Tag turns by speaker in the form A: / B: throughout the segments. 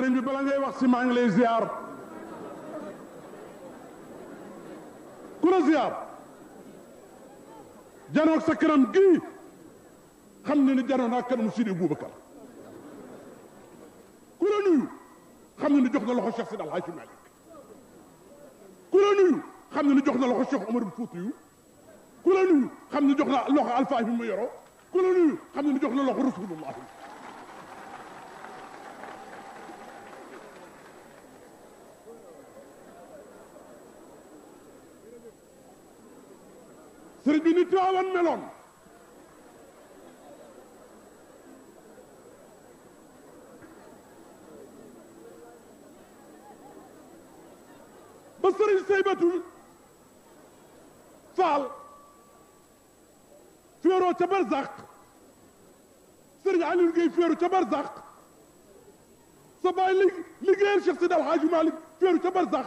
A: سرنج بلانجي وقت سمعنج لي زيار كل زيار جانو سكرم جي خمني نجانو ناكل مسيري بو بكر كل نيو خمني نجوخ دلو خشخ سيد الحاشي مالك كل نيو خمني نجوخ دلو خشخ عمر بفوتيو كل نيو خمني نجوخ دلو خ الفاهم ميرو كل نيو خمني نجوخ دلو خ رسول الله سردي نتو اوان ملون بصر السيبات فال فيرو تبرزق سرد علي القي فيرو تبرزق صباي لي لي غير شخص دا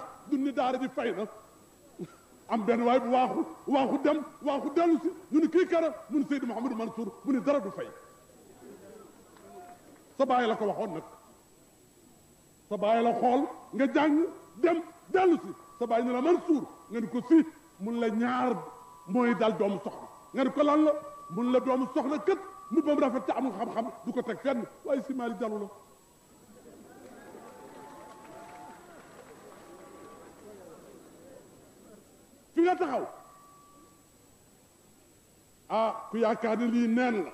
A: am benn waay bu waaxu waaxu dem waaxu dellu ci ñu ni ki kara mu ni Seydou Mouhamadou Mansour mu ni dara du fay sa baye la ko waxon nak sa baye la xol nga jàng dem dellu ci sa baye ni la Mansour nga ni ko si mu la ñaar moy dal doomu soxna nga ni ko lan la mu la doomu soxna kët mu bam rafet ta amul xam-xam du ko tek fenn way si maali jalu la fii la taxaw ah ku yaakaar ne lii neen la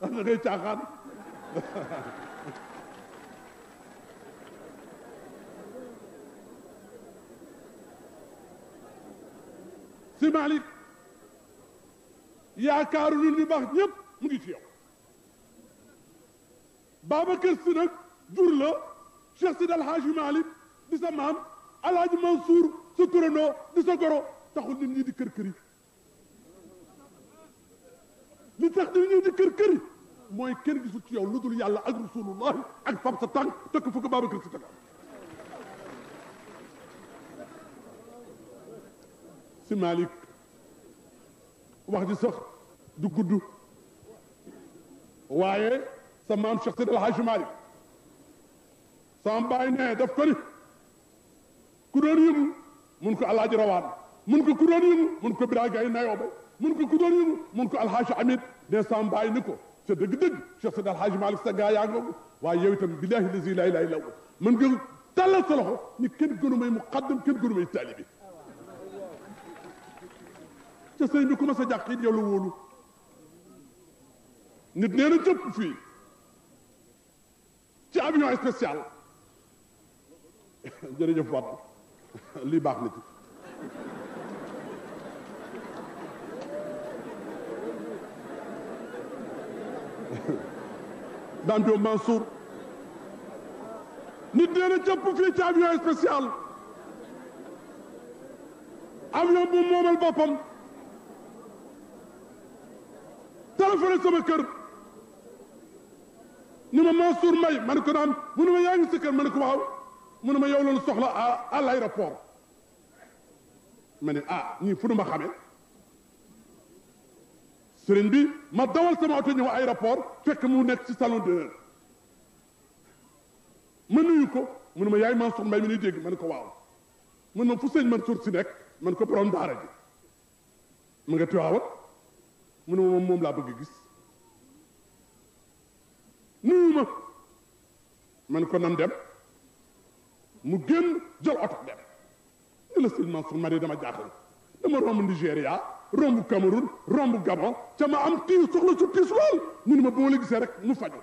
A: da ngay caaxaan si malik yaakaaru ñun ñu baax ñëpp mu ngi ci yow Babacar Si nag jur la Cheikh sidal Alhaji malik di sa maam Alhaji Mansour sa turandoo di sa goro taxul nit ñi di kër kër yi li tax nit ñi di kër kër yi mooy kenn gisul ci yow lu dul yàlla ak rasulullah ak fab sa tànk tëkk fukk Babacar si tëgg si Malick wax ji sax du gudd waaye sa maam Cheikh Seydi El Hadji Malick sama baay ne daf ko ni ku doon yëngu mun ko alaaji rawaan mun ko ku doon yëngu mun ko biraa gay nayoo ba mun ko ku doon yëngu mun ko alhaaji amit ne sa ni ko sa dëgg-dëgg cheikh sadi alhaaji malik sa gaa yaa waaye yow itam la ilaha illa hu mën nga tàllal sa loxo ni kenn gënu may muqaddam kenn gënu may taalibi ca sëñ bi ku sa jàq it yow nit nee na fii ci avion spécial jërëjëf lii baax na ci Danto Mansour nit dee na cëpp fii ci avion spécial avion bu moomal boppam téléphoné sama kër ni ma Mansour may ma ne ko naam mu ma yaa ngi sa kër ma mu ne ma yow loolu soxla à à l'aéroport ma ne ah ñii fu nu ma xamee sëriñ bi ma dawal sama oto ñëw aéroport fekk mu nekk ci salon d'honneur ma nuyu ko mu ne ma yaay Mansour Mbaye mi nuy dégg ma ne ko waaw mu ne ma fu sëñ Mansour si nekk man ko borom daara ji mu nga tiwaawa mu ne ma moom moom laa bëgg gis nuyu ma man ko nan dem mu génn jël oto dem ni la sëñ Mansour Mari dama jaaxal dama romb Nigéria romb Cameroun romb Gabon ca ma am tiis soxla su tiis lool ñu ne ma boo la gisee rek mu faju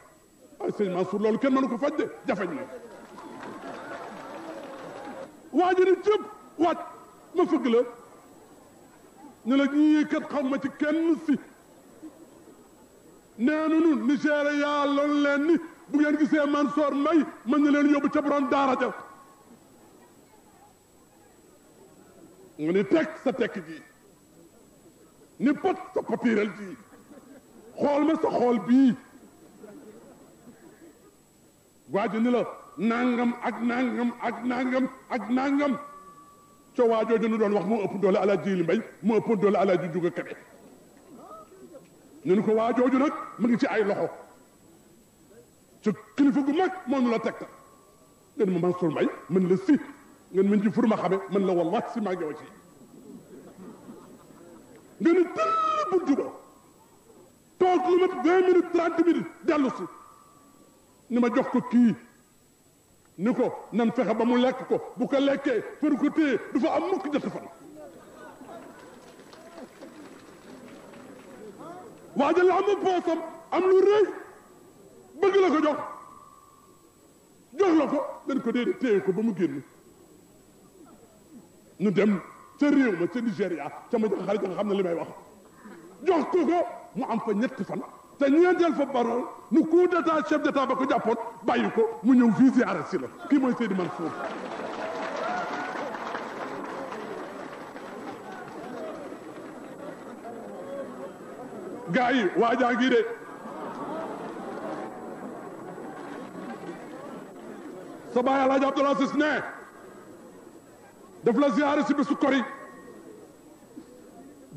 A: ay sëñ Mansour loolu kenn mënu ko faj de jafeñ na waa ji ni cëb wàcc ma fëgg la ñu la ñii kat xam ma ci kenn si nee nunu Nigéria loolu leen ni bu ngeen gisee Mansour Mbaye mën na leen yóbbu ca borom daara ja nga ni tekk sa tekk gi ni pot sa potiiral gi xool ma sa xool bii waajo ni la nangam ak nangam ak nangam ak nangam coo waajooju nu doon wax mu ëpp doole ala jili mbay moo ëpp doole ala ju juga kebe ñu ni ko waajooju nag mu ngi ci ay loxo ci kilifa gu mag moo nu la tegtal ngeen ma Mansour Mbay mën la si ngeen mën ci furma xame man la wallahi si maa ngi wax ci nga ne tëll buntu ba toog lu mat 20 minutes 30 minutes delu ci ni ma jox ko ki niko nan fexe ba mu lek ko bu ko lekke fër ko te du fa am mukk jott fa waaje la am poosam am lu rëy beug la ko jox jox la ko dañ ko dede téye ko ba mu génn ñu dem ca réew ma ca Nigéria ca ma jox xarit nga xam ne li may wax jox ko ko mu am fa ñetti fan te ñeenteel fa baroon mu coup d'état chef d'état ba ko jàppoon bàyyi ko mu ñëw fii ziara si la kii mooy Seydi Mansour gaa yi waajaa ngi de sa baay Alaaji Abdoulaye Sis ne دفلا زيارة سيب سكري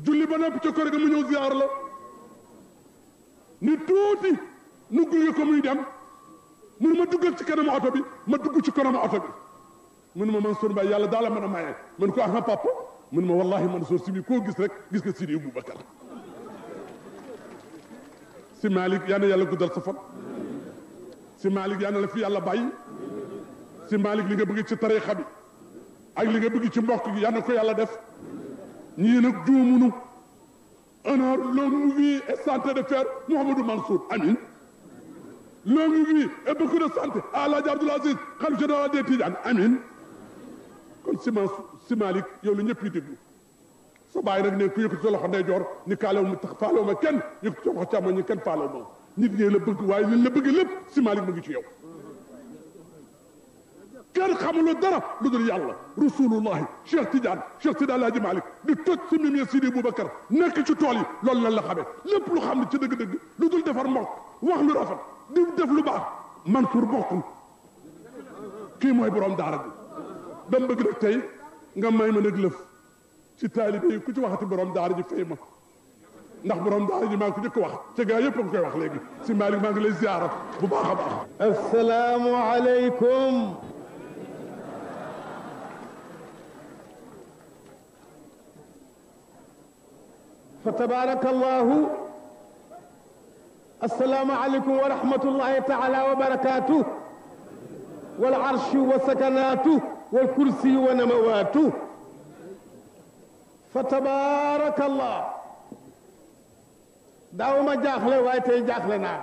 A: جولي بنا بتكوري كم يوم زيارة لا نتودي نقول يكم يدم من ما دقت كنا ما أتبي ما دقت كنا ما أتبي من ما منصور بيا لا دالا من ما من كوا أحنا بابو من ما والله منصور سيبي كو جسر جسر سيري أبو بكر سي مالك يانا يالا كدر سفر سي مالك يانا لفي الله باي سي مالك لي بغي تي تاريخ ak li nga bëgg ci mbokk gi yal na ko yàlla def ñii nag juumunu honneur longue vie et santé de fer Mouhamadou Mansour amin longue vie et beaucoup de santé à El Hadj Abdoul Aziz xalifa général des Tidianes amin kon sima simalik yow la ñëpp yi déglu sa bàyyi rek ne ku yëkkati sa loxo ndeyjoor ni kaalew ma tax faalew ma kenn yëkkati sa loxo càmmoñ ñi kenn faalew ma nit ñee la bëgg waaye liñ la bëgg lépp simalik mu ngi ci yow كان خمول الدرة لدر يلا رسول الله شيخ تيجان شيخ تيجان لاجي مالك نتوت سمي يا سيدي ابو بكر نك شو تولي لول لا لا خامي لب لو خامي تي دك دك لدر دفر مرت وخم رافل دي دف لو باخ منصور بوكم ما موي بروم دار دي دم بك رك تاي nga may ma nek leuf ci talibé ku ci waxati borom daara ji fey ma ndax borom daara ji ma ko jikko wax ci gaay yépp ko wax
B: فتبارك الله السلام عليكم ورحمة الله تعالى وبركاته والعرش وسكناته والكرسي ونمواته فتبارك الله داوما جاخله واي تي جاخلنا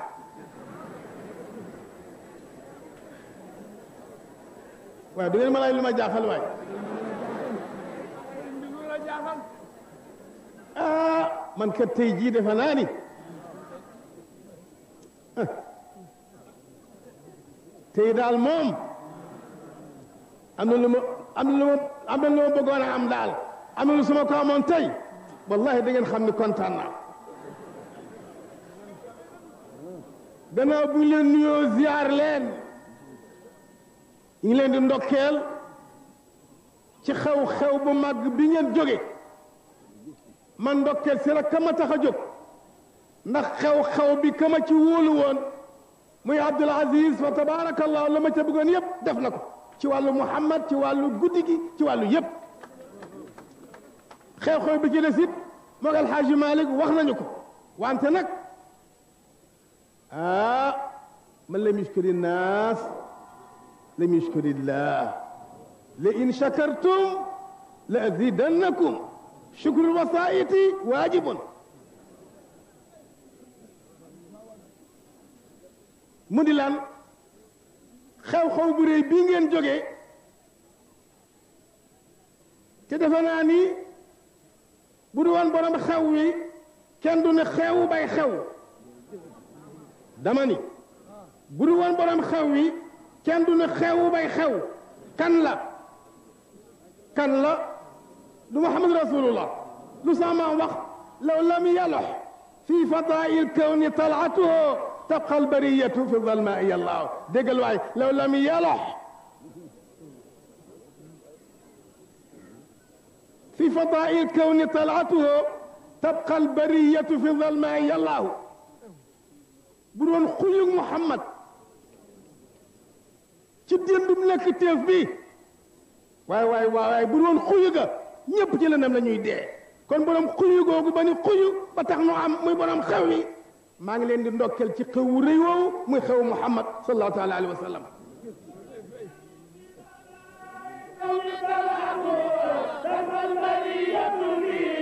B: واي دوين ما جاخل وايتي man kat tey jii defe naa ni tey daal moom am na lu ma am na lu ma am na lu ma bëggoon a am daal am na lu sama ko amoon tey wallahi da ngeen xam ni kontaan naa gannaaw bu ñu leen nuyoo ziar leen ñu ngi leen di ndokkeel ci xew-xew bu mag bi ngeen jóge man ndokkeel si nag kama tax a jóg ndax xew-xew bi kama ci wóolu woon muy abdul aziz fa tabaarakallahu la ma ca bëggoon yépp def na ko ci wàllu muhammad ci wàllu guddi gi ci wàllu yépp xew-xew bi ci des it moog alxaaji malik wax nañu ko wante nag ah man lam yushkuri nnaas lam yushkuri llah la in shakartum la azidannakum شكر الوسائط واجب مودي لان خاو خاو بو ري بي نين جوغي تي دافانا ني بودو وان بونام خاو وي كين دون خاو باي خاو داماني بودو وان بونام خاو وي كين دون خاو باي خاو كان لا كان لا محمد رسول الله لو لسامع وقت لو لم يلح في فضاء الكون طلعته تبقى البرية في الظلماء يا الله ديك الوعي لو لم يلح في فضاء الكون طلعته تبقى البرية في الظلماء يا الله برون خيوك محمد تدين دملك التفبيه واي واي واي برون خيوك ñëpp ci lëndam la ñuy dee kon borom xuyu googu ba ni xuyu ba tax nu am muy borom xew yi maa ngi leen di ndokkel ci xew wu rëy woowu muy xew muhammad sallallahu taala alayhi wa sallam
C: تفضل بلية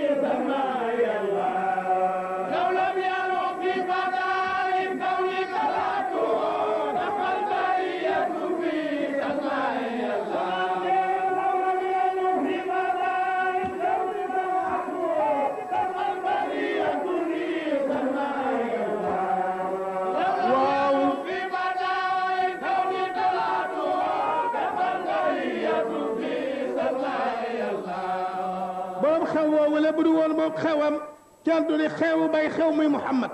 B: wala bu du woon moom xewam kenn du ne xewu bay xew muy Muhammad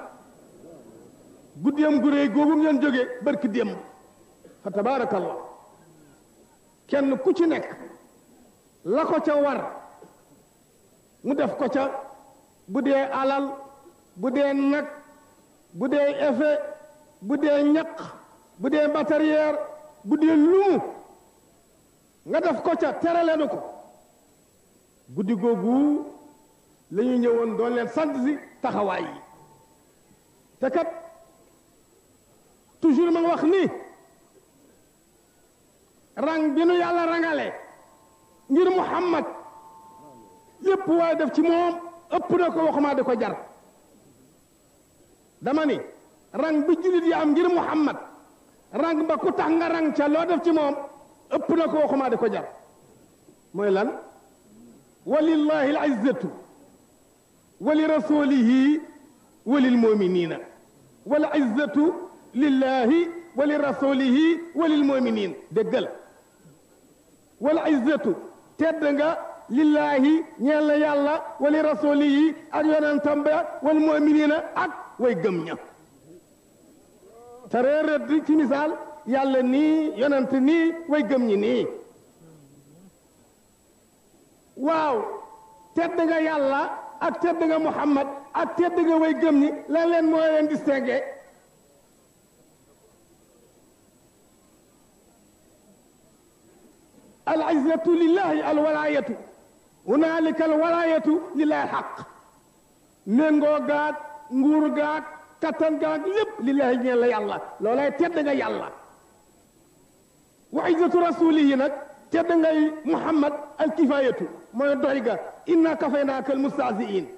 B: guddeem gu réy googu ngeen jóge barki démb fa tabaarakallah kenn ku ci nekk la ko ca war mu def ko ca bu dee alal bu dee nag bu dee effet bu dee ñaq bu dee matériel bu dee lumu nga def ko ca terale nu ko guddi googu lañu ñëwoon doon leen sant si taxawaay yi te kat toujours ma wax ni rang bi nu yàlla rangale ngir muhammad lépp waaye def ci moom ëpp na ko waxuma di ko jar dama ni rang bi julit yi am ngir muhammad rang ba ku tax nga rang ca loo def ci moom ëpp na ko waxuma di ko jar mooy lan walillahi alizzatu ولرسوله وللمؤمنين والعزة لله ولرسوله وللمؤمنين دقل والعزة تدنغا لله يلا يلا ولرسوله أجوانا تنبا والمؤمنين أك ويقمنا ترى رد مثال yàlla ني yonant nii way gëm ñi nii waaw ak tedd nga Muhammad ak tedd nga way gëm ni lan leen moo leen distingué العزة لله الولاية هنالك الولاية لله حق نغو غاك نغور غاك كتن غاك لب لله يلا يلا لولا تدنا يلا وعزة رسوله نك تد محمد الكفاية ما يدريك إنا كفيناك المستعزئين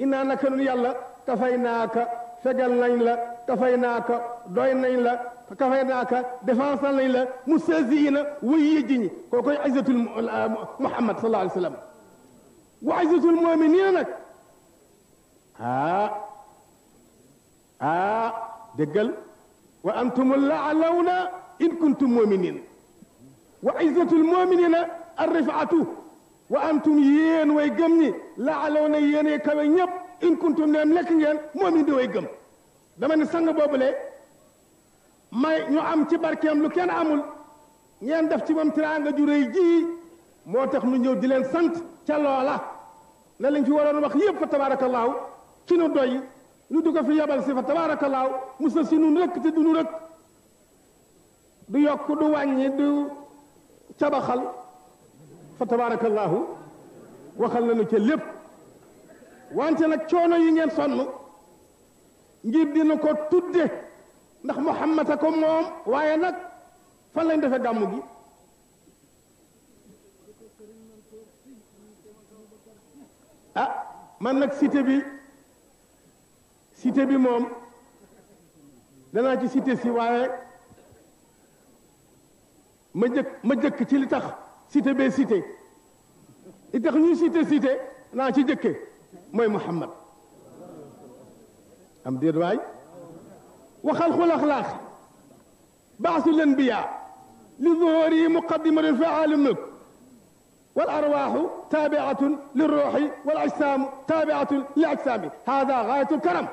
B: إنا نكن يلا كفيناك فجل لين لا كفيناك دوين لين لا كفيناك دفاعا لين لا مستعزئين ويجيني كوكو عزة محمد صلى الله عليه وسلم وعزة المؤمنين ها ها دقل وأنتم الأعلون إن كنتم مؤمنين وعزة المؤمنين الرفعة وأنتم يين ويجمني لا علونا يين كما يب إن كنتم نعم لكن يين مؤمن دي ويجم دما نسنغ بوبلي ما ñu am ci barkeem lu kenn amul ngeen def ci moom tiraanga ju rëy ji moo tax nu ñëw di leen sant ca loola ne lañ fi waroon wax yépp fa tabaarakallaahu ci nu doy lu du ko fi yabal si fa tabaarakallaahu musa si nun rëkk te du nu rëkk du yokk du wàññi du تبخل فتبارك الله وخلنا نكلب وانت لك شونو ينجن صنو نجيب دي نكو تدي نخ محمد كم موم وينك فلن دفع دموغي آه من لك سيتي بي سيتي بي موم دانا جي سيتي سي وينك ma jëkk ma jëkk ci li tax cité bee cité li tax ñuy cité cité naa ci jëkke mooy muhammad am déet waay waxal xul axlaax baasu lanbiya li zuhuri muqaddimatu faalu mulk والأرواح تابعة للروح والأجسام تابعة لأجسامه هذا غاية الكرم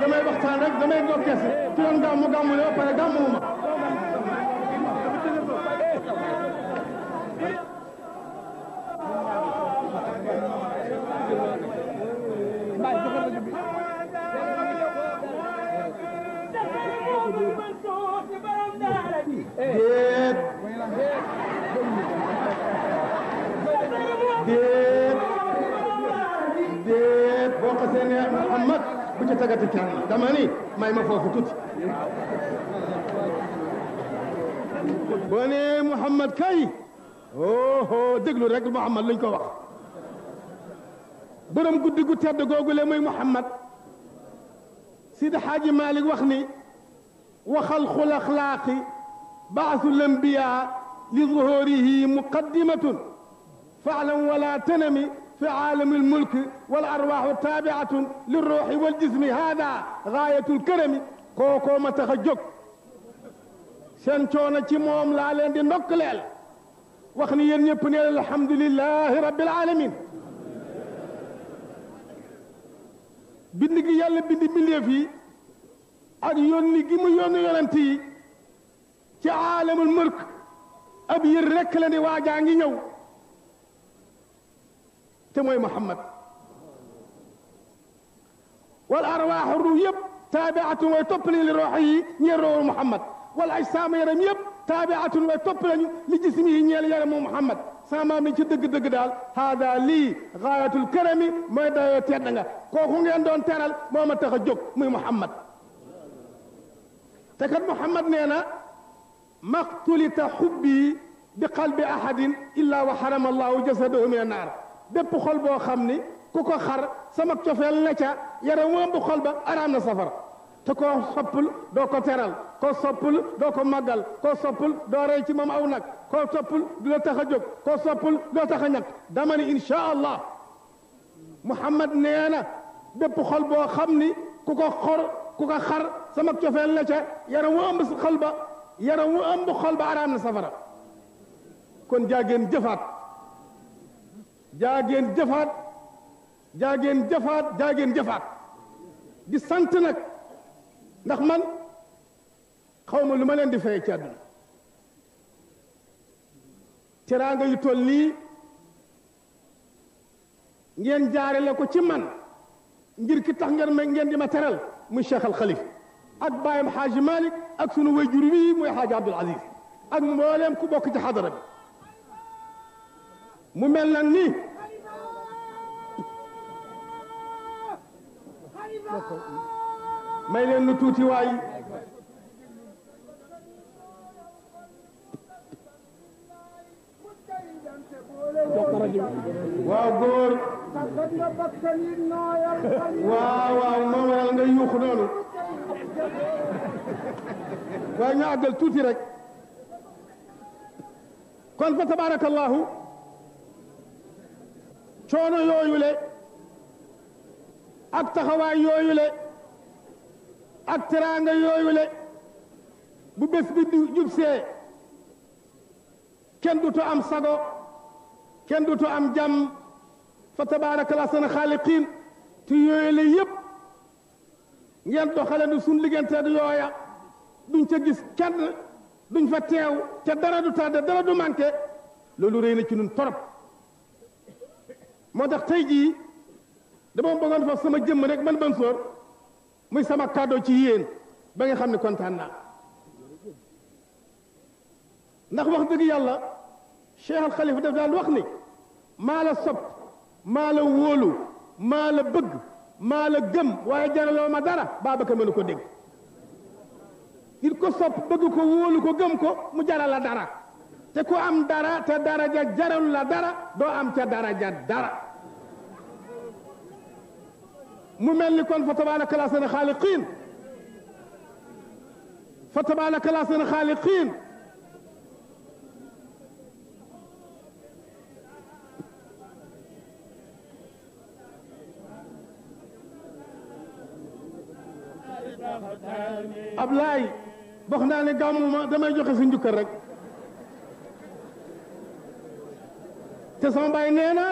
B: damay waxtaan rek damay góob kese. ci doon gàmmu gàmmu la ba pare gàmmuwuma tagati kenn dama ni may ma foofu tuuti boo nee Mouhamad kay oho déglu rek Mouhamad luñ ko wax borom guddi gu tedd googu le muy Mouhamad Sidi Xaaji Malik wax ni waxal xul axlaaqi baasu lambiya li zuhurihi muqaddimatun faalam wala tanami في عالم الملك والأرواح التابعة للروح والجسم هذا غاية الكرم كوكو ما تخجوك سنتونا تيموم لا دي نقلل وخني ينبني الحمد لله رب العالمين بندق gi yàlla ملي في yi ak yónni gi mu yónni yonent yi ci aalamul mulk ab la ngi ñëw te mooy muhammad wal arwaaxu ruu yëpp taabiatun way topp lañu li roox yi ñeel roowu muhammad wal ajsaam yaram yëpp taabiatun way topp lañu li jismi yi ñeel yaramu muhammad sama maam ni ci dëgg-dëgg daal haada lii gaayatul karami mooy dayoo tedd nga kooku ngeen doon teral moo ma tax a jóg muy muhammad te kat muhammad nee na maqtulita xubbi bi qalbi ahadin illa wa harama allahu jasadahu min annaar bépp xol boo xam ni ku ko xar sama cofeel na ca yaram wëmb xol ba araam na safara te koo soppul doo ko teral ko soppul doo ko màggal ko soppul doo rey ci moom aw nag koo soppul du la tax a jóg koo soppul doo tax a ñàkk dama ni insha allah muhammad nee na bépp xol boo xam ni ku ko xor ku ko xar sama cofeel na ca yaram wu ëmb xol ba yaram wu ëmb xol ba araam na safara kon jaageen jëfaat jaa ngeen jëfaat jaa ngeen jëfaat jaa ngeen jëfaat di sant nag ndax man xaw ma lu ma leen di fay ci àdduna teraanga yu toll nii ngeen jaarale ko ci man ngir ki tax ngeen ma ngeen di ma teral muy cheikh al xalif ak bàyyam xaaji malik ak sunu wayjur wii muy xaaji abdul aziz ak mbooleem ku bokk ci xadara bi mu mel na ni may leen lu tuuti waay
C: waaw góor waaw waaw moo waral nga yuuxu noonu
B: waaye ñu àggal tuuti rek kon fa tabaarakallahu coono yooyu le ak taxawaay yooyu le ak teraanga yooyu le bu bés bi di jubsee kenn dutu am sago kenn du dutu am jàmm fa tabaraka la sana xaaliqiin te yooyu le yëpp ngeen doxale nu suñ liggante du yooya duñ ca gis kenn duñ fa teew te dara du tardé dara du manqué loolu réy na ci nun torop moo tax tey jii dama bëggoon foofu sama jëmm rek man Mansour muy sama kàddoo ci yéen ba nga xam ne kontaan naa ndax wax dëgg yàlla Cheikh Al Khalifa daf wax ni maa la sopp maa la wóolu maa la bëgg maa la gëm waaye jaraloo ma dara Babacar mënu ko dégg nit ko sopp bëgg ko wóolu ko gëm ko mu jaral la dara te ku am dara te daraja jarul la dara doo am ca daraja dara mu mel ni kon fa tabaraka la seen xaaliqiin fa tabaraka la seen xaaliqiin Ablaay wax naa ne gàmmu ma damay joxe si njukkal rek te sama baay nee na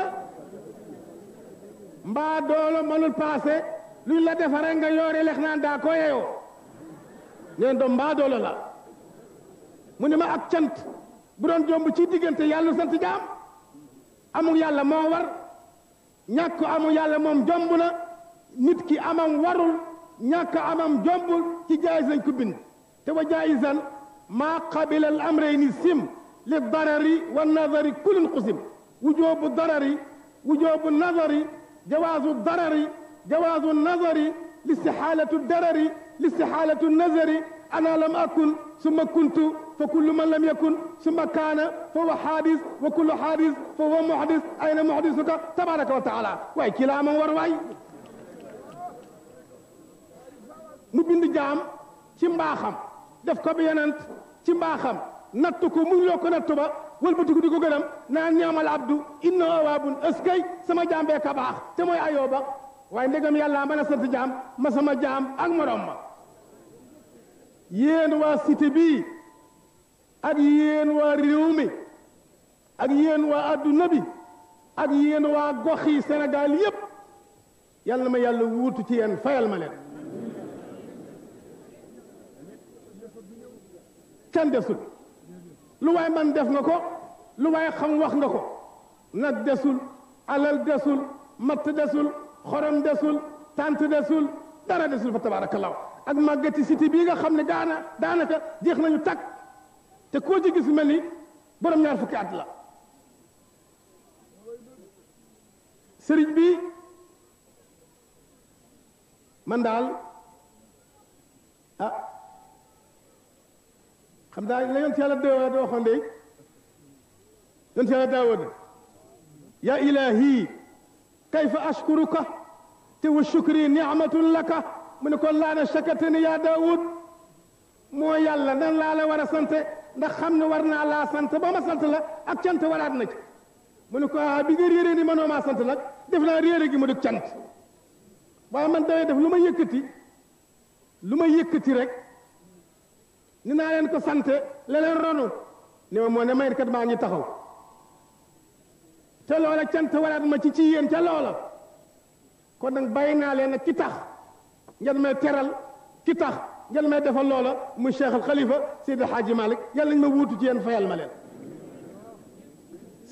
B: mbaa doolo mënul paase luñ la defare nga yoore lex naan daa ko yeeyoo neen doom mbaa doolo la mu ne ma ak cant bu doon jomb ci diggante yàlla sant jaam amul yàlla moo war ñàkk amul yàlla moom jomb na nit ki amam warul ñàkk amam jombul ci jaayis lañ ko bind te wa jaayisan maa qabila al amrayni sim li darari wa nadari kulin qusim وجوب الضرر وجوب النظر جواز الضرر جواز النظر لاستحالة الضرر لاستحالة النظر أنا لم أكن ثم كنت فكل من لم يكن ثم كان فهو حادث وكل حادث فهو محدث أين محدثك تبارك وتعالى وي كلاما ورواي mu bind تمباخم دفك بيانانت تمباخم ko bi yonent wëlbatiku di ko gërëm naan ñaamal abdu inna awaabun ëskay sama jaam bee ka te mooy ayooba waaye ndegam yàlla mën a sant jaam ma sama jaam ak morom ma yéen waa cité bi ak yéen waa réew mi ak waa adduna bi ak yéen waa gox yi yépp yàlla ma yàlla wuut ci yéen fayal ma leen can desul لواي من دف نكو لواي خم وخ نكو ند دسول علل دسول مت دسول خرم دسول تانت دسول دارا دسول فتبارك الله اك ماغتي سيتي بيغا خم ني دانا دانا تا جيخ نيو تاك تي كو جي ملي بروم نيار فكي ات لا سيرن بي من دال أه. xam daa la yont yàlla daawud waxoon de yont yàlla daawud ya ilahi kayfa ashkuruka te wa shukri ni'matun laka mu ne ko laana shakatani ya daawud moo yàlla nan laa la war a sante ndax xam ne war naa laa sant ba ma sant la ak cant waraat na ci mu ne ko ah bi nga réeree ni manoo maa sant nag def naa réere gi mu dug cant waaye man dawee def lu ma yëkkati lu ma yëkkati rek ni naa leen ko sante la leen ronu ni ma moo ne mayit kat maa ngi taxaw te loola cant waraat ma ci ci yéen ca loola kon nag bàyyi naa leen ak ki tax ngeen may teral ki tax ngeen may defal loola mu cheikh al xalifa seydi xaaji malik yàlla nañ ma wuutu ci yéen fayal ma leen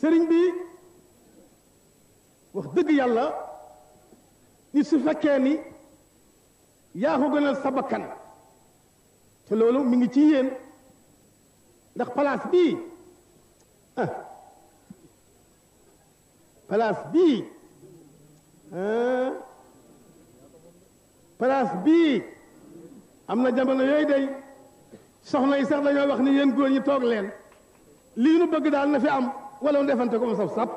B: sëriñ bi wax dëgg yàlla ni su fekkee ni yaa ko gënal sa bakkan te loolu mi ngi ci yéen ndax palaas bii ah, palaas place bii ah am na jamono yooyu day soxna yi sax dañoo wax ni yéen góor ñi toog leen lii nu bëgg daal na fi am wala mu defante ko mu saf sap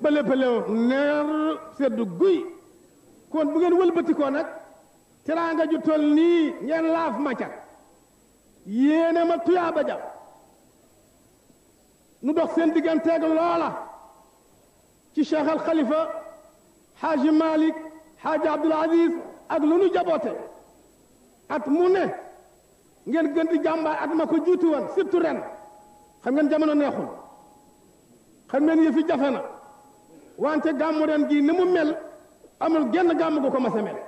B: ba lépp leew neer seddu guy kon bu ngeen wëlbatikoo nag teraanga ju tol nii ngeen laaf ma ca yéene ma tuyaaba ja nu dox seen digganteeg loola ci cheikh al khalifa xaaji malik xaaji abdul aziz ak lu nu jabote at mu ne ngeen gën di jàmbaar at ma ko juutu woon surtout ren xam ngeen jamono neexul xam ngeen yëfi jafe na wante gàmmu ren gii ni mu mel amul genn gàmmu gu ko mas a mel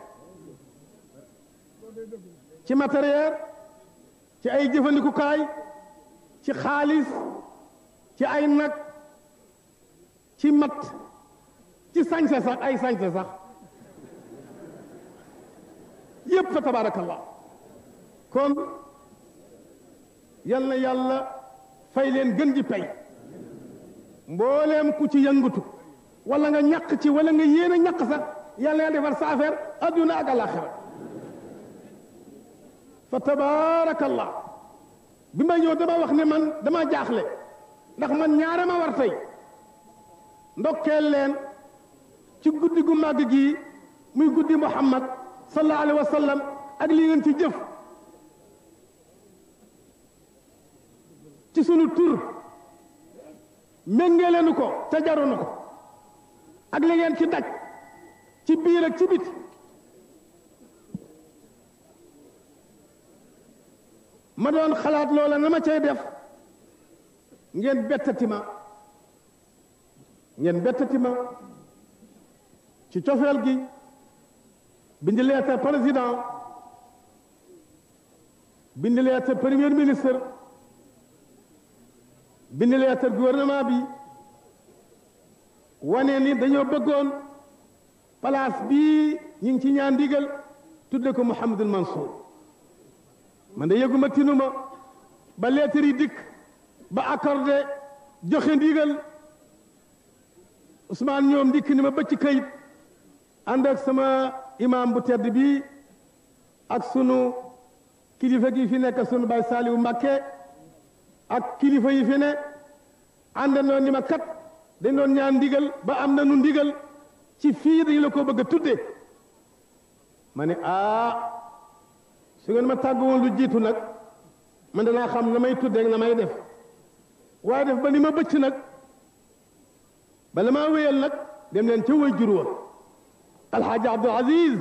B: ci matériel ci ay jëfandikukaay ci xaalis ci ay nag ci mat ci sañse sax ay sañse sax yépp fa tabarakallah kon yalla yàlla fay leen gën ji pay mbooleem ku ci yëngatu wala nga ñàkk ci wala nga yéen a ñàkk sax yàlla yàlla defar sa affaire adduna ak alaxira fa tabaarakallah bi may ñëw dama wax ne man dama jaaxle ndax man ñaare ma war tey ndokkeel leen ci guddi gu màgg gii muy guddi muhammad sallallahu alayhi wa sallam ak li ngeen ci jëf ci sunu tur méngeleenu ko te jaru na ko ak li ngeen ci daj ci biir ak ci biti ma doon xalaat loole na ma cay def ngeen bettati ma ngeen bettati ma ci cofeel gi bindi leetar président bindi leetar premier ministre bindi leetar gouvernement bi wane nii dañoo bëggoon place bii ñu ngi ci ñaan digal tudde ko Mouhamadul Mansour man de yëguma tinuma ba lettre yi dikk ba accordé joxe ndigal Ousmane ñoom dikk ma bëcc kayit ànd ak sama imam bu tedd bi ak sunu kilifa gi fi nekk sunu bay Saliou Mbacké ak kilifa yi fi ne ànd noon ni ma kat dañ doon ñaan ndigal ba am na nu ndigal ci fii dañu la ko bëgg a tudde ma ne aa ah, su ngeen ma tàgguwoon lu jiitu nag man danaa xam na may tuddeeg na may def waaye def ba li ma bëcc nag ba la maa wéyal nag dem leen ca way jur wa alxaaji abdul aziz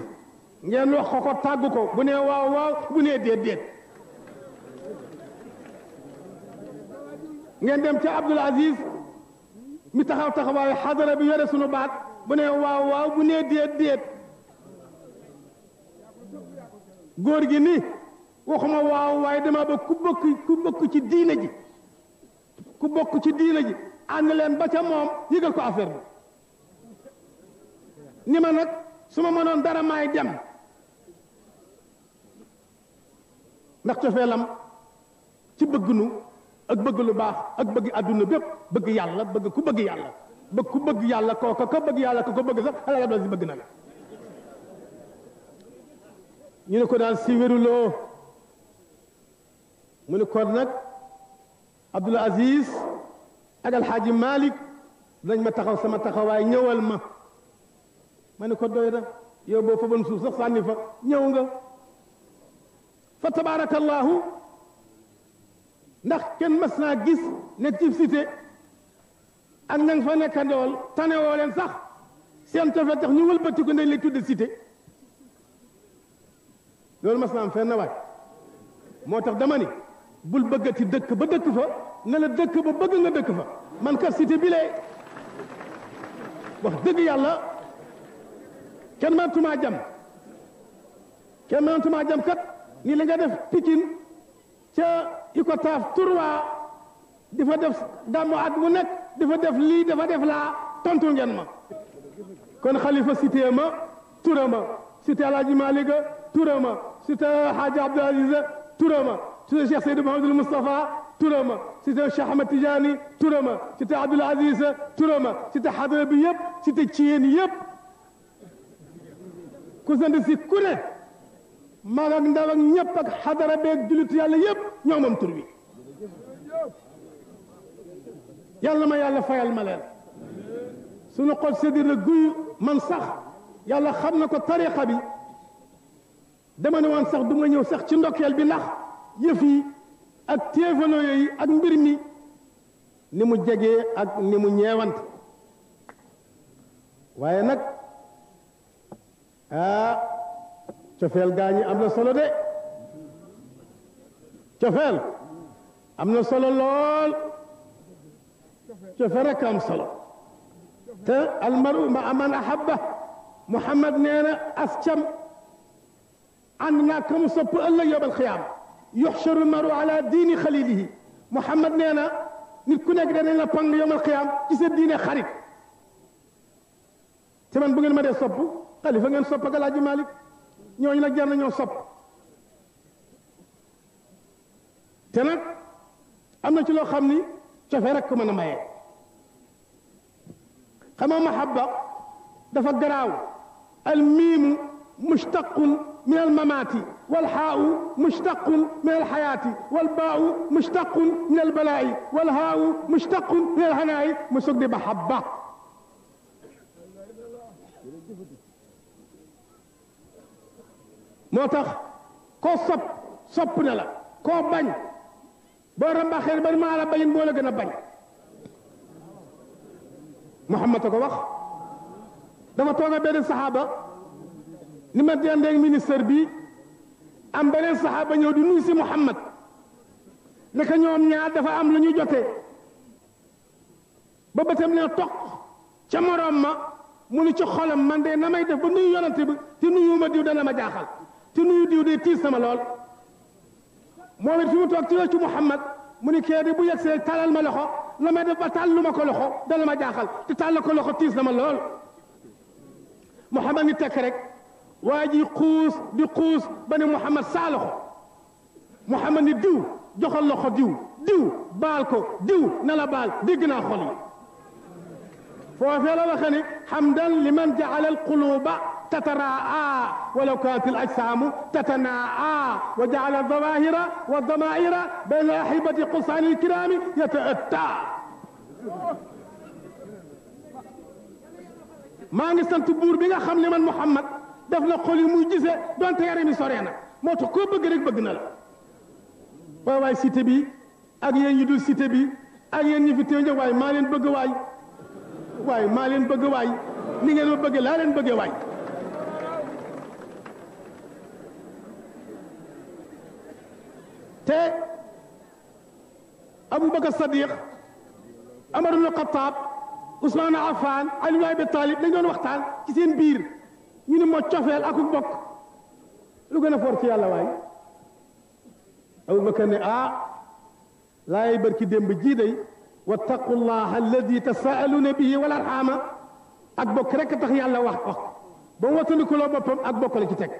B: ngeen wax ko ko tàggu ko bu nee waaw waaw bu nee déet déet ngeen dem ca abdul aziz mi taxaw taxawaayu xadara bi yore sunu baat bu nee waaw waaw bu nee déet déet góor gi ni waxuma waaw waaye dama ba ku bokk ku bokk ci diina ji ku bokk ci diina ji ànd leen ba ca moom yëgal ko affaire bi ni ma nag su ma mënoon dara maay dem ndax cofeelam ci bëgg nu ak bëgg lu baax ak bëgg àdduna bépp bëgg yàlla bëgg ku bëgg yàlla bëgg ku bëgg yàlla kooka ka bëgg yàlla ka ko bëgg sax ala la si bëgg na la ñu ne ko daal si wéruloo mu ne kon nag abdul aziz ak alxaaji malik dañ ma taxaw sama taxawaay ñëwal ma ma ne ko doy na yow boo fa bon suuf sax sànni fa ñëw nga fa tabarakallahu ndax kenn mas naa gis ne cib cité ak nang fa nekkandool tanewoo leen sax seen tafe tax ñu wëlbatiku ne li tudd cité لول ما سلام فين نواي مو تخ دماني بول بغتي دك با دك فا نلا دك با بغ نغ دك فا مان كار سيتي بي لي واخ دغ يالا كان مان توما جام كان مان توما جام كات ني ليغا ديف تيتين تا يكو تاف تروا ديفا ديف دامو اد مو نك ديفا ديف لي ديفا ديف لا تونتو نين ما خليفه سيتي ما تورما سيتي الحاج مالك تورما سيتا حاج عبد العزيز ترما سيتا الشيخ سيد محمد المصطفى ترما سيتا الشيخ احمد تجاني ترما سيتا عبد العزيز ترما سيتا حضربي يب سيتا تشين يب كوسان سي كوري ماغا نداو نيب اك حضربي اك جلوت يالا yàlla ma yàlla fayal ma suñu xol seddi na guy man sax yàlla xam ko tariqa bi dama ne woon sax duma ñëw sax ci ndokkel bi ndax yëf yi ak téefalo yoy ak mbir mi ni mu jégé ak ni mu ñewant waye nak ah cofeel gaa ñi am solo de cofeel am na solo lool cofeel rek am solo te almaru ma aman ahabba محمد نانا na عندنا كم صب الله يوم الخيام يحشر المرء على دين خليله محمد نانا نكون أجرنا لنا يوم الخيام جزء دين خارج تمن بعند ما ده صب قال فعند صب قال أجي مالك نيوان لا جرنا نيو صب تنا أنا تلو خمني شفرك كمان ماي خما محبة دفع جراو الميم مشتق من الممات والحاء مشتق من الحياة والباء مشتق من البلاء والهاء مشتق من الهناء مسك دي بحبة موتخ كو صب صب نلا كو بان بورم بخير بن مالا بين بولا جنا بان محمد كو واخ دما توغا بين الصحابه ni ma dendee ak ministère bi am beneen saxaaba ñëw di nuyu si Muhammad naka ñoom ñaar dafa am lu ñu jotee ba bëtam ne toq ca moroom ma mu ni ci xolam man de na may def ba nuyu yonante bi te nuyu ma diw dana ma jaaxal te nuyu diw de tiis sama lool moom it fi mu toog ci weccu Muhammad mu ni kee di bu yegsee talal ma loxo la may def ba tàllu ma ko loxo dana ma jaaxal te tàll ko loxo tiis na ma lool Muhammad ni tekk rek waa ji xuus di xuus ba ne Mouhamad saa loxo Mouhamad ni diw joxal loxo diw diw baal ko diw na la baal dégg naa xol yi foofee la waxe ni xamdan li man jaala alquluba تتراءى ولو كانت الأجسام تتناءى وجعل الظواهر والضمائر بين أحبة قصان الكرام يتأتى ما نسنت بور بيغا خم لمن محمد def la xol yi muy gisee donte yaram yi soree na moo tax koo bëgg rek bëgg na la waaye waaye cité bi ak yéen yi dul cité bi ak yéen ñi fi teew ñëw waaye maa leen bëgg waay waaye maa leen bëgg waay ni ngeen ma bëggee laa leen bëggee waay te aboubacar sadiq amar ibnu xataab ousmane afan ali ibnu abi talib dañ doon waxtaan ci seen biir ñu ne ma cofeel ak bokk lu gën a for ci yàlla waay abubakar ne ah laay bër ci démb ji day wattaqu llah alladi tasaaluna bihi wal arhama ak bokk rek tax yàlla wax wax ba mu wattandikuloo boppam ak bokk la ci teg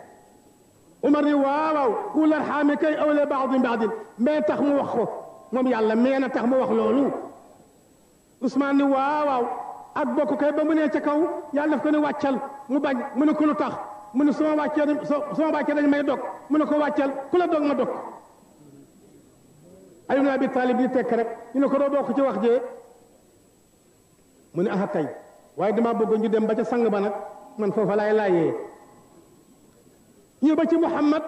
B: umar ni waaw waaw ul arhami kay awla baadin baadin mais tax mu wax ko moom yàlla mais na tax mu wax loolu usmaan ni waaw waaw ak bokk kay ba mu nee ca kaw yàlla ko ne wàccal mu bañ mu ne ko lu tax mu ne suma wàccee suma wàccee dañ may dog mu ne ko wàccal ku la dog ma dog ali ibn abi talib di tekk rek ñu ne ko doo bokk ci wax jee mu ne aha tey waaye dama bëgg ñu dem ba ca sang ba nag man foofa laay laayee ñëw ba ci muhammad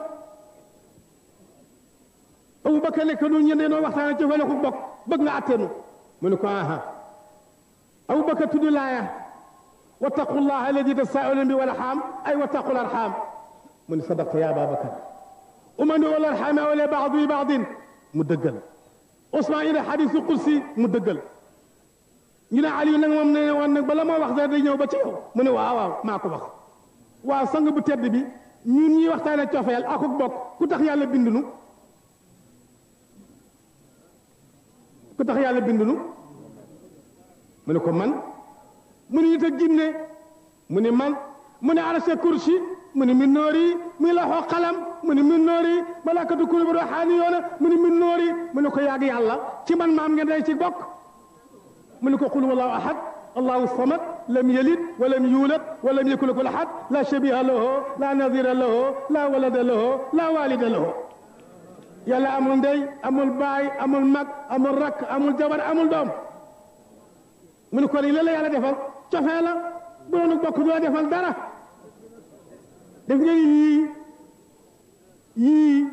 B: abubakar nekk nu ñu ne noo waxtaane ci fele ku bokk bëgg nga attenu mu ne ko aha أو بك تدلايا واتقوا الله الذي تساءلون به والأرحام أي واتقوا الأرحام من صدقت يا أبا بكر ومن هو الأرحام ولا بعض ببعض مدقل اسمع إلى حديث قدسي مدقل ñu ne Aliou nag moom nee woon nag bala moo wax dara day ñëw ba ci yow mu ne waaw waaw maa ko wax waaw sang bu tedd bi ñun ñuy waxtaane cofeel ak ak bokk ku tax yàlla bindunu ku tax yàlla bindunu mu ne ko man mu ne it ginne mu ne man mu ne ala sa kursi mu ne min noori mi laxoo xalam mu ne min noori malaakatu kulu ruhani yona yoona mu ne min noori mu ne ko yàgg yàlla ci man maam ngeen day ci bokk mu ne ko qul wallahu ahad الله الصمد لم يلد ولم يولد ولم يكن له احد لا شبيه له لا نظير له لا ولد له لا والد له يلا امول داي امول باي امول مك امول رك امول جبر امول دوم mu ne ko lii la yàlla defal cofee la bu doonu bokk du defal dara def ngeen yii yii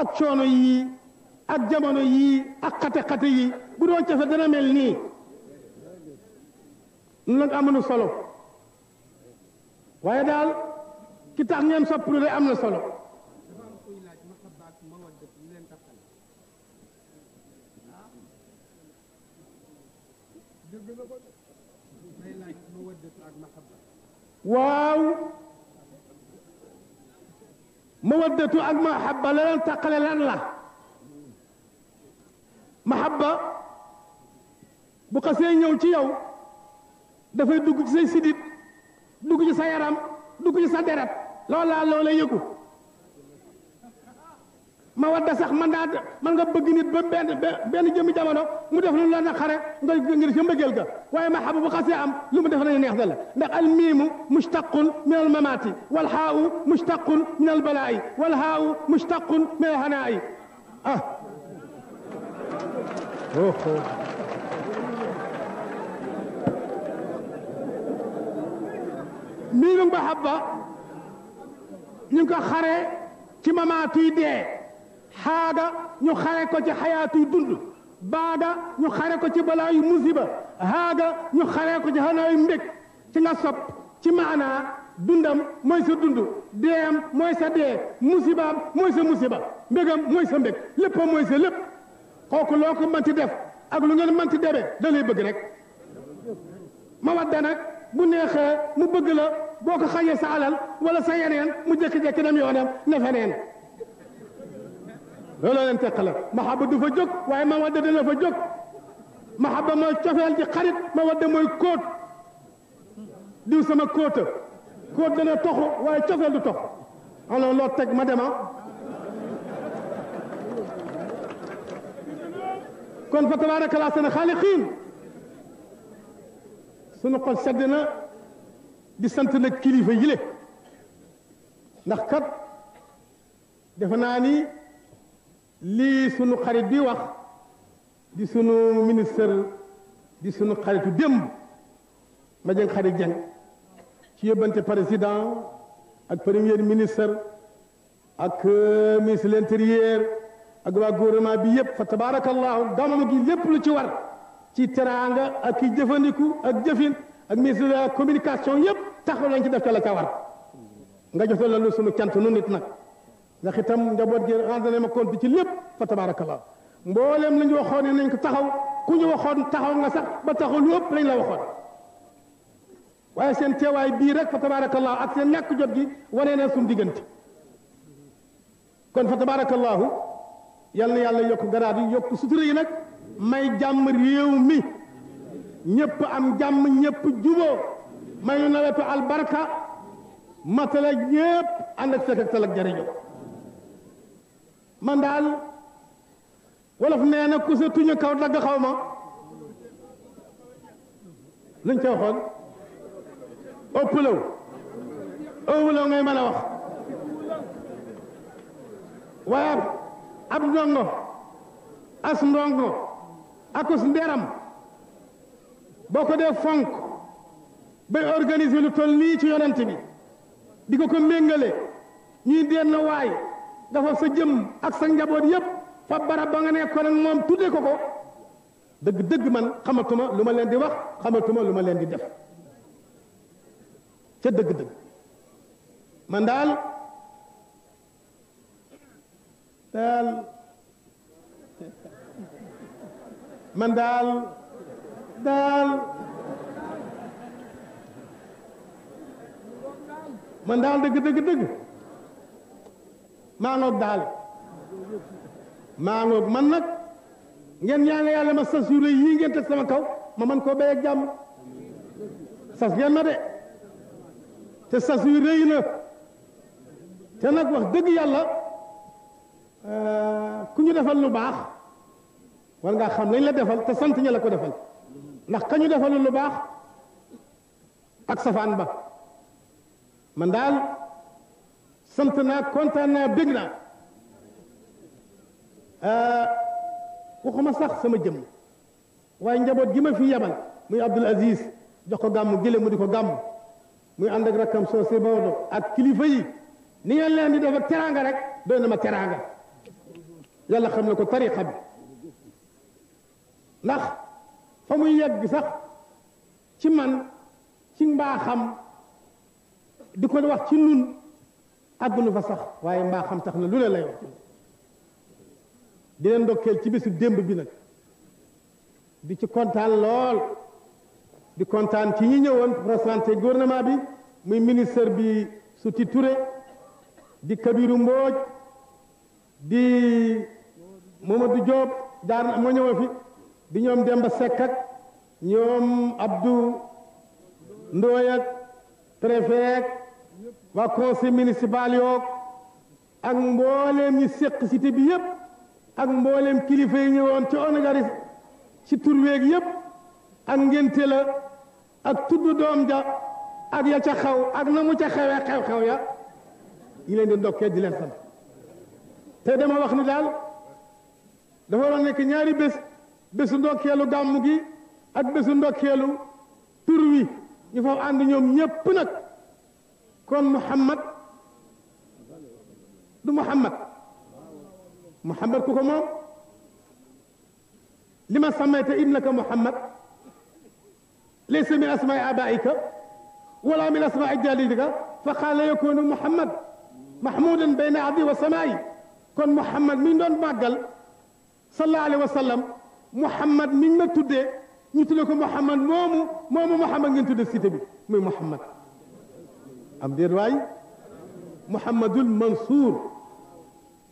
B: ak coono yii ak jamono yii ak xate-xate yii bu doon cofe dana mel nii lu nag amunu solo waaye daal ki tax ngeen sopp lu de am na solo waaw mawaddatu ak mahabba la leen tàqale lan la mahabba bu xasee ñëw ci yow dafay dugg ci say sidit dugg ci sa yaram dugg ci sa deret loolaa loola yëgu ma wadda sax man daa man nga bëgg nit ba benn benn jëmmi jamono mu def lu la na xare nga ngir ci mbëggeel ga waaye ma xabu bu xasee am lu mu def na neex da la ndax al miimu mushtaqun min al mamati wal xaawu mushtaqun min al balaayi wal xaawu mushtaqun min al hanaayi ah oh miimu ba xabba ñu ko xare ci mamaatuy dee xaaga ñu xare ko ci xayaatuy dund baaga ñu xare ko ci balaayu musiba haaga ñu xaree ko ci xanaayu mbég ci nga sopp ci maanaa dundam mooy sa dund deem mooy sa dee musibaam mooy sa musiba mbégam mooy sa mbég léppam mooy sa lépp kooku loo ko mënti def ak lu ngeen mënti debee da lay bëgg rek mawadda nag bu neexee mu bëgg la boo ko sa alal wala sa yeneen mu jékki-jékki dem yoonam ne feneen لولا انت قلق ما حب دو فجوك واي ما ود دنا فجوك ما حب ما تشفال دي خريط ما ود موي كوت ديو سما كوت كوت دنا توخو واي تشفال دو توخو الو لو تك ما دما كون فتبارك الله سنا خالقين سنو قل سدنا دي سنت لك كليفه يلي نخكر دفناني lii sunu xarit bi wax di sunu ministre di sunu xaritu démb ma jëng xarit jëng ci yóbbante président ak premier ministre ak euh, ministre l' intérieur ak waa gouvernement bi yëpp fa tabarakallahu damam gi lépp lu ci war ci teraanga ak i jëfandiku ak jëfin ak ministre de la communication yëpp taxaw lañ ci def ca ca war nga jotal la lu sunu cant nu nit nag ndax itam njaboot gi rendale ma compte ci lépp fa tabarakallah mboolem lañ waxoon ne nañ ko taxaw ku ñu waxoon taxaw nga sax ba taxaw lu ëpp lañ la waxoon waaye seen teewaay bii rek fa tabarakallah ak seen ñàkk jot gi wane na suñ diggante kon fa tabarakallahu yal na yàlla yokk garaat yi yokk sutura yi nag may jàmm réew mi ñëpp am jàmm ñëpp juboo may nu nawetu albarka matala ñëpp ànd ak fekk ak tal ak jariñoo man daal wolof nee na ku sa tuñu kaw dagg xaw ma luñ ca waxoon ëpp law ngay mën a wax waaye ab ndongo as ndongo akus nderam boo ko dee fonk bay organiser lu toll ci yonent bi di ko ko méngale ñuy denn waay dafa sa jëm ak sa njaboot yépp fa barab ba nga ne ak moom tudde ko ko dëgg dëgg man xamatuma lu ma leen di wax xamatuma lu ma leen di def ca dëgg dëgg man daal daal man daal daal man daal dëgg dëgg dëgg maanoog daal maanoog man nag ngeen ñaan yàlla ma sas yu rëy yii ngeen te sama kaw ma man koo béy ak jàmm sas ngeen ma de te sas yu rëy na te nag wax dëgg yàlla euh, ku ñu defal lu baax war ngaa xam lañ la defal te sant ña la ko defal ndax kañu defalul lu baax ak safaan ba man daal sant naa kontaan naa bég naa euh, waxuma sax sama jëmm waaye njaboot gi ma fi yabal muy Abdul Aziz jox ko gàmm gële mu di ko gàmm muy ànd ak rakkam soo si ak kilifa yi ni ngeen leen di def ak rek doy ma teraanga yàlla xam na ko tariqa bi ndax fa muy yegg sax ci man ci mbaaxam di ko wax ci nun àggunu fa sax waaye mbaa xam tax na lu ne lay wax di leen ndokkeel ci bésu démb bi nag di ci kontaan lool di kontaan ci ñi ñëwoon représenté gouvernement bi muy ministère bi Souty ture di Kabiru Mbooj di Mamadou Diop jaar na moo ñëwoon fi di ñoom Demba Seck ak ñoom Abdou Ndoye ak préfet waa conseil municipal yoo ak mbooleem ñi séq cité bi yëpp ak mboolem kilifa yi ñëwoon ci onogaris ci turweeg yëpp ak ngénte la ak tudd doom ja ak ya ca xaw ak na mu ca xewee xew-xew ya yi leen di ndokkee di leen sant te dama wax ni daal dafa waroon nekk ñaari bés bésu ndokkeelu gàmm gi ak bésu ndokkeelu tur wi ñu fa ànd ñoom ñépp nag كون محمد دو محمد محمد كوكو موم لما سميت ابنك محمد ليس من اسماء ابائك ولا من اسماء اجدادك فقال يكون محمد محمود بين عدي وسمائي كون محمد من دون باقل صلى الله عليه وسلم محمد من ما تدي نتلك محمد مومو مومو محمد نتدي سيتي محمد am déet waay Mouhamadul Mansour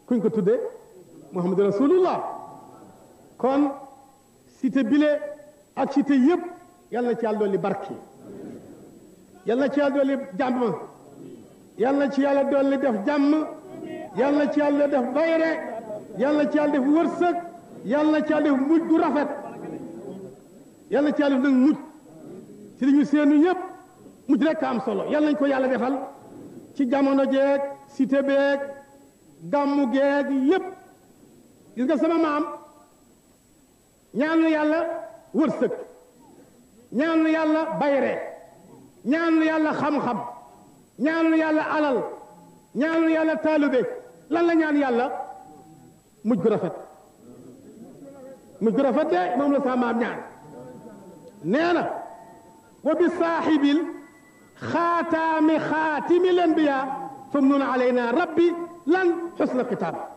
B: kuñ ko tudde Mouhamadou Rasulullah kon cité bile ak cité yëpp yal na ci yàlla dolli barke yal na ci yàlla dolli jàmm yal na ci yàlla dolli def jàmm yal na ci yàlla def bayre yal na ci yàlla def wërsëg yal na ci yàlla def mujj bu rafet yal na ci yàlla def nag mujj ci li ñu seenu yëpp. mujj rek am solo yal nañ ko yàlla defal ci jamono jeeg cité beeg gàmmu geeg yépp gis nga sama maam ñaanu yàlla wërsëg ñaanu yàlla bayre ñaanu yàlla xam-xam ñaanu yàlla alal ñaanu yàlla taalube lan la ñaan yàlla mujj gu rafet mujj gu rafet de moom la sama maam ñaan nee wa bi saaxibil خاتم خاتم الأنبياء فمن علينا ربي لن حسن الختام